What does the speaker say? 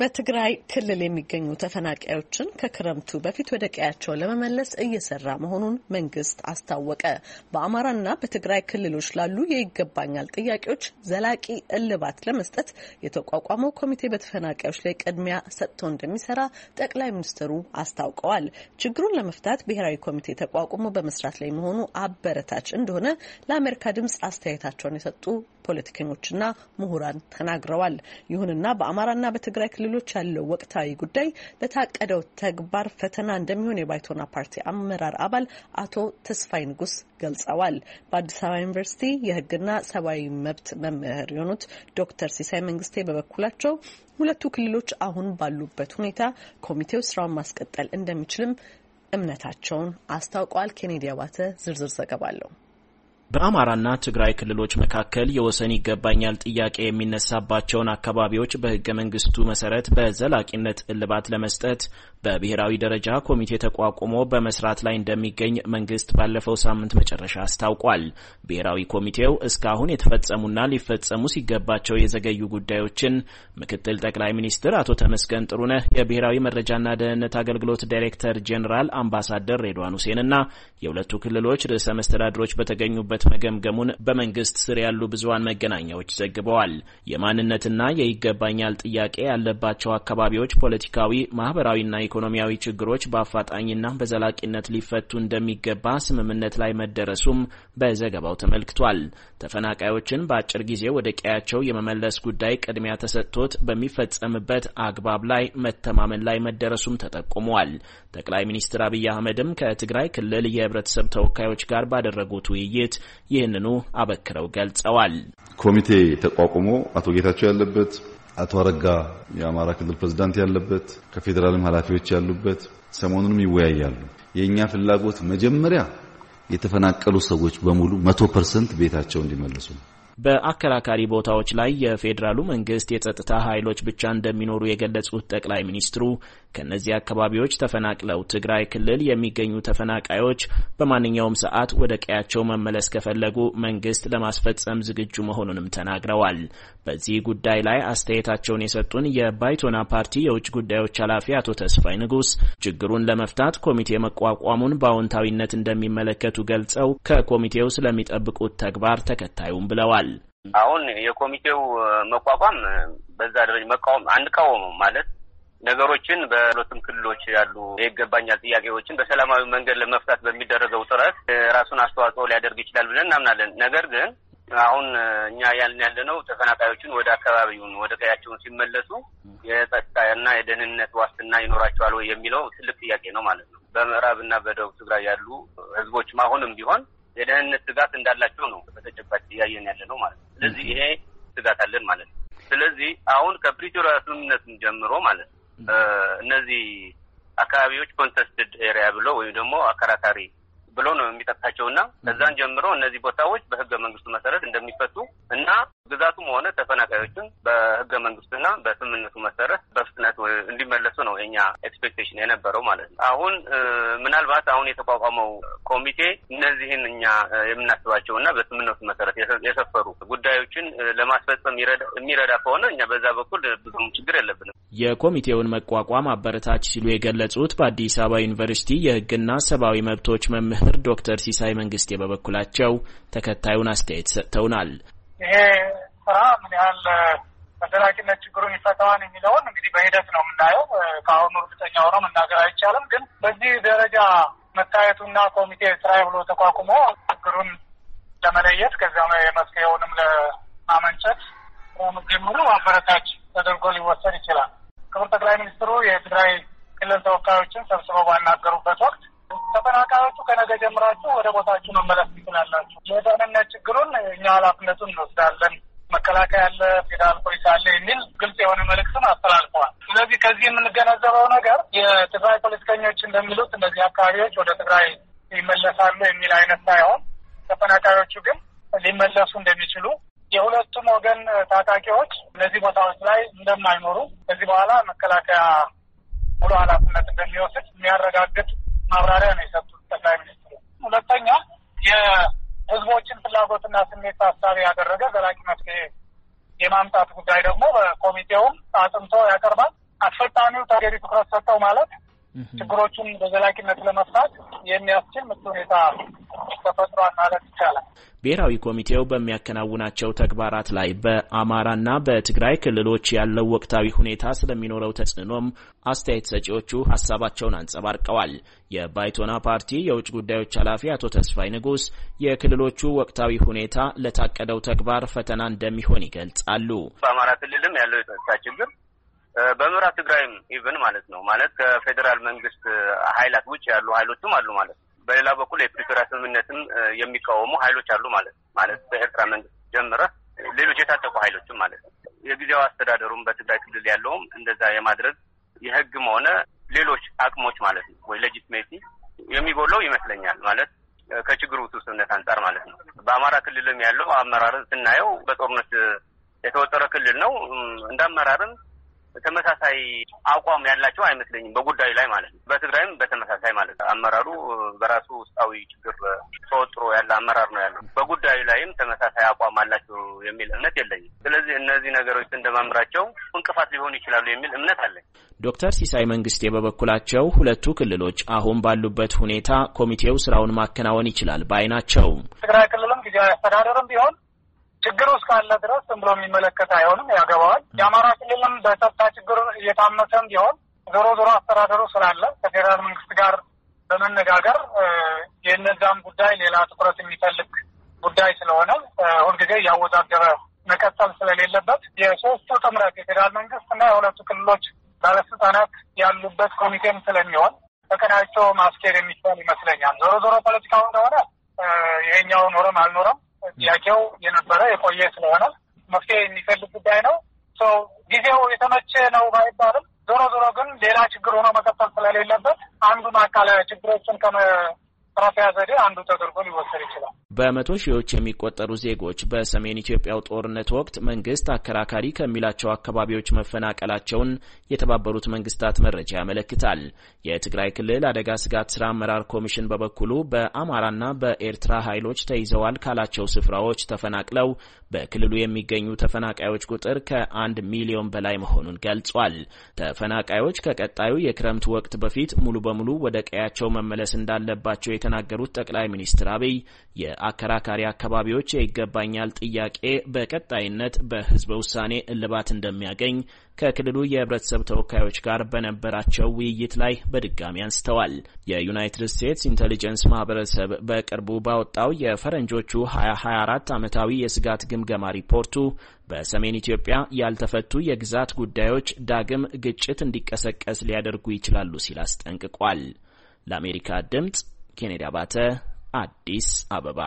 በትግራይ ክልል የሚገኙ ተፈናቃዮችን ከክረምቱ በፊት ወደ ቀያቸው ለመመለስ እየሰራ መሆኑን መንግስት አስታወቀ። በአማራና በትግራይ ክልሎች ላሉ የይገባኛል ጥያቄዎች ዘላቂ እልባት ለመስጠት የተቋቋመው ኮሚቴ በተፈናቃዮች ላይ ቅድሚያ ሰጥቶ እንደሚሰራ ጠቅላይ ሚኒስትሩ አስታውቀዋል። ችግሩን ለመፍታት ብሔራዊ ኮሚቴ ተቋቁሞ በመስራት ላይ መሆኑ አበረታች እንደሆነ ለአሜሪካ ድምጽ አስተያየታቸውን የሰጡ ፖለቲከኞችና ምሁራን ተናግረዋል። ይሁንና በአማራና በትግራይ ክልሎች ያለው ወቅታዊ ጉዳይ ለታቀደው ተግባር ፈተና እንደሚሆን የባይቶና ፓርቲ አመራር አባል አቶ ተስፋይ ንጉስ ገልጸዋል። በአዲስ አበባ ዩኒቨርሲቲ የህግና ሰብአዊ መብት መምህር የሆኑት ዶክተር ሲሳይ መንግስቴ በበኩላቸው ሁለቱ ክልሎች አሁን ባሉበት ሁኔታ ኮሚቴው ስራውን ማስቀጠል እንደሚችልም እምነታቸውን አስታውቀዋል። ኬኔዲ አባተ ዝርዝር ዘገባ አለው። በአማራና ትግራይ ክልሎች መካከል የወሰን ይገባኛል ጥያቄ የሚነሳባቸውን አካባቢዎች በህገ መንግስቱ መሰረት በዘላቂነት እልባት ለመስጠት በብሔራዊ ደረጃ ኮሚቴ ተቋቁሞ በመስራት ላይ እንደሚገኝ መንግስት ባለፈው ሳምንት መጨረሻ አስታውቋል። ብሔራዊ ኮሚቴው እስካሁን የተፈጸሙና ሊፈጸሙ ሲገባቸው የዘገዩ ጉዳዮችን ምክትል ጠቅላይ ሚኒስትር አቶ ተመስገን ጥሩነህ፣ የብሔራዊ መረጃና ደህንነት አገልግሎት ዳይሬክተር ጄኔራል አምባሳደር ሬድዋን ሁሴንና የሁለቱ ክልሎች ርዕሰ መስተዳድሮች በተገኙበት መገምገሙን በመንግስት ስር ያሉ ብዙሀን መገናኛዎች ዘግበዋል። የማንነትና የይገባኛል ጥያቄ ያለባቸው አካባቢዎች ፖለቲካዊ፣ ማህበራዊና ኢኮኖሚያዊ ችግሮች በአፋጣኝና በዘላቂነት ሊፈቱ እንደሚገባ ስምምነት ላይ መደረሱም በዘገባው ተመልክቷል። ተፈናቃዮችን በአጭር ጊዜ ወደ ቀያቸው የመመለስ ጉዳይ ቅድሚያ ተሰጥቶት በሚፈጸምበት አግባብ ላይ መተማመን ላይ መደረሱም ተጠቁመዋል። ጠቅላይ ሚኒስትር አብይ አህመድም ከትግራይ ክልል የህብረተሰብ ተወካዮች ጋር ባደረጉት ውይይት ይህንኑ አበክረው ገልጸዋል። ኮሚቴ ተቋቁሞ አቶ ጌታቸው ያለበት አቶ አረጋ የአማራ ክልል ፕሬዝዳንት ያለበት ከፌዴራልም ኃላፊዎች ያሉበት ሰሞኑንም ይወያያሉ። የእኛ ፍላጎት መጀመሪያ የተፈናቀሉ ሰዎች በሙሉ መቶ ፐርሰንት ቤታቸው እንዲመልሱ ነው። በአከራካሪ ቦታዎች ላይ የፌዴራሉ መንግስት የጸጥታ ኃይሎች ብቻ እንደሚኖሩ የገለጹት ጠቅላይ ሚኒስትሩ ከእነዚህ አካባቢዎች ተፈናቅለው ትግራይ ክልል የሚገኙ ተፈናቃዮች በማንኛውም ሰዓት ወደ ቀያቸው መመለስ ከፈለጉ መንግስት ለማስፈጸም ዝግጁ መሆኑንም ተናግረዋል። በዚህ ጉዳይ ላይ አስተያየታቸውን የሰጡን የባይቶና ፓርቲ የውጭ ጉዳዮች ኃላፊ አቶ ተስፋይ ንጉስ ችግሩን ለመፍታት ኮሚቴ መቋቋሙን በአዎንታዊነት እንደሚመለከቱ ገልጸው ከኮሚቴው ስለሚጠብቁት ተግባር ተከታዩም ብለዋል። አሁን የኮሚቴው መቋቋም በዛ ደረጃ መቃወም አንቃወመው ማለት ነገሮችን በሁለቱም ክልሎች ያሉ ይገባኛል ጥያቄዎችን በሰላማዊ መንገድ ለመፍታት በሚደረገው ጥረት ራሱን አስተዋጽኦ ሊያደርግ ይችላል ብለን እናምናለን። ነገር ግን አሁን እኛ ያልን ያለነው ተፈናቃዮችን ወደ አካባቢውን ወደ ቀያቸውን ሲመለሱ የጸጥታና የደህንነት ዋስትና ይኖራቸዋል ወይ የሚለው ትልቅ ጥያቄ ነው ማለት ነው። በምዕራብ በደቡብ ትግራይ ያሉ ህዝቦችም አሁንም ቢሆን የደህንነት ስጋት እንዳላቸው ነው በተጨባጭ እያየን ያለ ነው ማለት ነው። ስለዚህ ይሄ ስጋት አለን ማለት ነው። ስለዚህ አሁን ከፕሪቶሪያ ጀምሮ ማለት ነው እነዚህ አካባቢዎች ኮንተስትድ ኤሪያ ብሎ ወይም ደግሞ አከራካሪ ብሎ ነው የሚጠቅሳቸው እና ከዛን ጀምሮ እነዚህ ቦታዎች በህገ መንግስቱ መሰረት እንደሚፈቱ እና ግዛቱም ሆነ ተፈናቃዮችን በህገ መንግስቱና በስምምነቱ መሰረት በፍጥነት እንዲመለሱ ነው የኛ ኤክስፔክቴሽን የነበረው ማለት ነው። አሁን ምናልባት አሁን የተቋቋመው ኮሚቴ እነዚህን እኛ የምናስባቸው እና በስምምነቱ መሰረት የሰፈሩ ጉዳዮችን ለማስፈጸም የሚረዳ ከሆነ እኛ በዛ በኩል ብዙም ችግር የለብንም። የኮሚቴውን መቋቋም አበረታች ሲሉ የገለጹት በአዲስ አበባ ዩኒቨርሲቲ የህግና ሰብአዊ መብቶች መምህር መምህር ዶክተር ሲሳይ መንግስቴ በበኩላቸው ተከታዩን አስተያየት ሰጥተውናል። ይሄ ስራ ምን ያህል በዘላቂነት ችግሩን ይፈታዋል የሚለውን እንግዲህ በሂደት ነው የምናየው። ከአሁኑ እርግጠኛ ሆኖ መናገር አይቻልም። ግን በዚህ ደረጃ መታየቱና ኮሚቴ ስራ ብሎ ተቋቁሞ ችግሩን ለመለየት ከዚያም የመፍትሄውንም ለማመንጨት መጀመሩ አበረታች ተደርጎ ሊወሰድ ይችላል። ክቡር ጠቅላይ ሚኒስትሩ የትግራይ ክልል ተወካዮችን ሰብስበው ባናገሩበት ወቅት ከፈለጋችሁ ከነገ ጀምራችሁ ወደ ቦታችሁ መመለስ ትችላላችሁ። የደህንነት ችግሩን እኛ ኃላፊነቱን እንወስዳለን። መከላከያ አለ፣ ፌዴራል ፖሊስ አለ የሚል ግልጽ የሆነ መልእክትም አስተላልፈዋል። ስለዚህ ከዚህ የምንገነዘበው ነገር የትግራይ ፖለቲከኞች እንደሚሉት እነዚህ አካባቢዎች ወደ ትግራይ ይመለሳሉ የሚል አይነት ሳይሆን ተፈናቃዮቹ ግን ሊመለሱ እንደሚችሉ የሁለቱም ወገን ታጣቂዎች እነዚህ ቦታዎች ላይ እንደማይኖሩ ከዚህ በኋላ መከላከያ ሙሉ ኃላፊነት እንደሚወስድ የሚያረጋግጥ ማብራሪያ ነው የሰጡት። ጠቅላይ ሚኒስትሩ። ሁለተኛ የህዝቦችን ፍላጎትና ስሜት ታሳቢ ያደረገ ዘላቂ መፍትሄ የማምጣት ጉዳይ ደግሞ በኮሚቴውም አጥንቶ ያቀርባል። አስፈጻሚው ተገቢ ትኩረት ሰጠው ማለት ችግሮቹን በዘላቂነት ለመፍታት የሚያስችል ምቹ ሁኔታ ተፈጥሯል ማለት ይቻላል። ብሔራዊ ኮሚቴው በሚያከናውናቸው ተግባራት ላይ በአማራና በትግራይ ክልሎች ያለው ወቅታዊ ሁኔታ ስለሚኖረው ተጽዕኖም አስተያየት ሰጪዎቹ ሀሳባቸውን አንጸባርቀዋል። የባይቶና ፓርቲ የውጭ ጉዳዮች ኃላፊ አቶ ተስፋይ ንጉስ የክልሎቹ ወቅታዊ ሁኔታ ለታቀደው ተግባር ፈተና እንደሚሆን ይገልጻሉ። በአማራ ክልልም ያለው የጸጥታ ችግር በምዕራብ ትግራይም ኢቭን ማለት ነው ማለት ከፌዴራል መንግስት ኃይላት ውጭ ያሉ ኃይሎችም አሉ ማለት ነው በሌላ በኩል የፕሪቶሪያ ስምምነትም የሚቃወሙ ሀይሎች አሉ ማለት ነው። ማለት በኤርትራ መንግስት ጀምረ ሌሎች የታጠቁ ሀይሎችም ማለት ነው። የጊዜው አስተዳደሩም በትግራይ ክልል ያለውም እንደዛ የማድረግ የህግም ሆነ ሌሎች አቅሞች ማለት ነው ወይ ሌጂትሜሲ የሚጎለው ይመስለኛል ማለት ከችግሩ ውስብስብነት አንጻር ማለት ነው። በአማራ ክልልም ያለው አመራርን ስናየው በጦርነት የተወጠረ ክልል ነው። እንደ አመራርም ተመሳሳይ አቋም ያላቸው አይመስለኝም በጉዳዩ ላይ ማለት ነው። በትግራይም በተመሳሳይ ማለት ነው። አመራሩ በራሱ ውስጣዊ ችግር ተወጥሮ ያለ አመራር ነው ያለው። በጉዳዩ ላይም ተመሳሳይ አቋም አላቸው የሚል እምነት የለኝም። ስለዚህ እነዚህ ነገሮች እንደማምራቸው እንቅፋት ሊሆኑ ይችላሉ የሚል እምነት አለኝ። ዶክተር ሲሳይ መንግስቴ በበኩላቸው ሁለቱ ክልሎች አሁን ባሉበት ሁኔታ ኮሚቴው ስራውን ማከናወን ይችላል ባይ ናቸው። ትግራይ ክልልም ጊዜያዊ አስተዳደርም ቢሆን ችግር ውስጥ ካለ ድረስ ዝም ብሎ የሚመለከት አይሆንም፣ ያገባዋል። የአማራ ክልልም በጸጥታ ችግር እየታመሰም ቢሆን ዞሮ ዞሮ አስተዳደሩ ስላለ ከፌዴራል መንግስት ጋር በመነጋገር የእነዛም ጉዳይ ሌላ ትኩረት የሚፈልግ ጉዳይ ስለሆነ ሁልጊዜ እያወዛገበ መቀጠል ስለሌለበት የሶስቱ ጥምረት የፌዴራል መንግስት እና የሁለቱ ክልሎች ባለስልጣናት ያሉበት ኮሚቴም ስለሚሆን ተቀናጅቶ ማስኬድ የሚቻል ይመስለኛል። ዞሮ ዞሮ ፖለቲካው እንደሆነ ይሄኛው ኖረም አልኖረም ጥያቄው የነበረ የቆየ ስለሆነ መፍትሄ የሚፈልግ ጉዳይ ነው። ጊዜው የተመቸ ነው ባይባልም ዞሮ ዞሮ ግን ሌላ ችግር ሆኖ መቀጠል ስለሌለበት አንዱን አካል ችግሮችን ከመ ማጥራፊያ ዘዴ አንዱ ተደርጎ ሊወሰድ ይችላል። በመቶ ሺዎች የሚቆጠሩ ዜጎች በሰሜን ኢትዮጵያው ጦርነት ወቅት መንግስት አከራካሪ ከሚላቸው አካባቢዎች መፈናቀላቸውን የተባበሩት መንግስታት መረጃ ያመለክታል። የትግራይ ክልል አደጋ ስጋት ስራ አመራር ኮሚሽን በበኩሉ በአማራና በኤርትራ ኃይሎች ተይዘዋል ካላቸው ስፍራዎች ተፈናቅለው በክልሉ የሚገኙ ተፈናቃዮች ቁጥር ከአንድ ሚሊዮን በላይ መሆኑን ገልጿል። ተፈናቃዮች ከቀጣዩ የክረምት ወቅት በፊት ሙሉ በሙሉ ወደ ቀያቸው መመለስ እንዳለባቸው የተናገሩት ጠቅላይ ሚኒስትር አብይ የአከራካሪ አካባቢዎች የይገባኛል ጥያቄ በቀጣይነት በህዝበ ውሳኔ እልባት እንደሚያገኝ ከክልሉ የህብረተሰብ ተወካዮች ጋር በነበራቸው ውይይት ላይ በድጋሚ አንስተዋል። የዩናይትድ ስቴትስ ኢንቴሊጀንስ ማህበረሰብ በቅርቡ ባወጣው የፈረንጆቹ 2024 ዓመታዊ የስጋት ግምገማ ሪፖርቱ በሰሜን ኢትዮጵያ ያልተፈቱ የግዛት ጉዳዮች ዳግም ግጭት እንዲቀሰቀስ ሊያደርጉ ይችላሉ ሲል አስጠንቅቋል። ለአሜሪካ ድምፅ ኬኔዲ አባተ አዲስ አበባ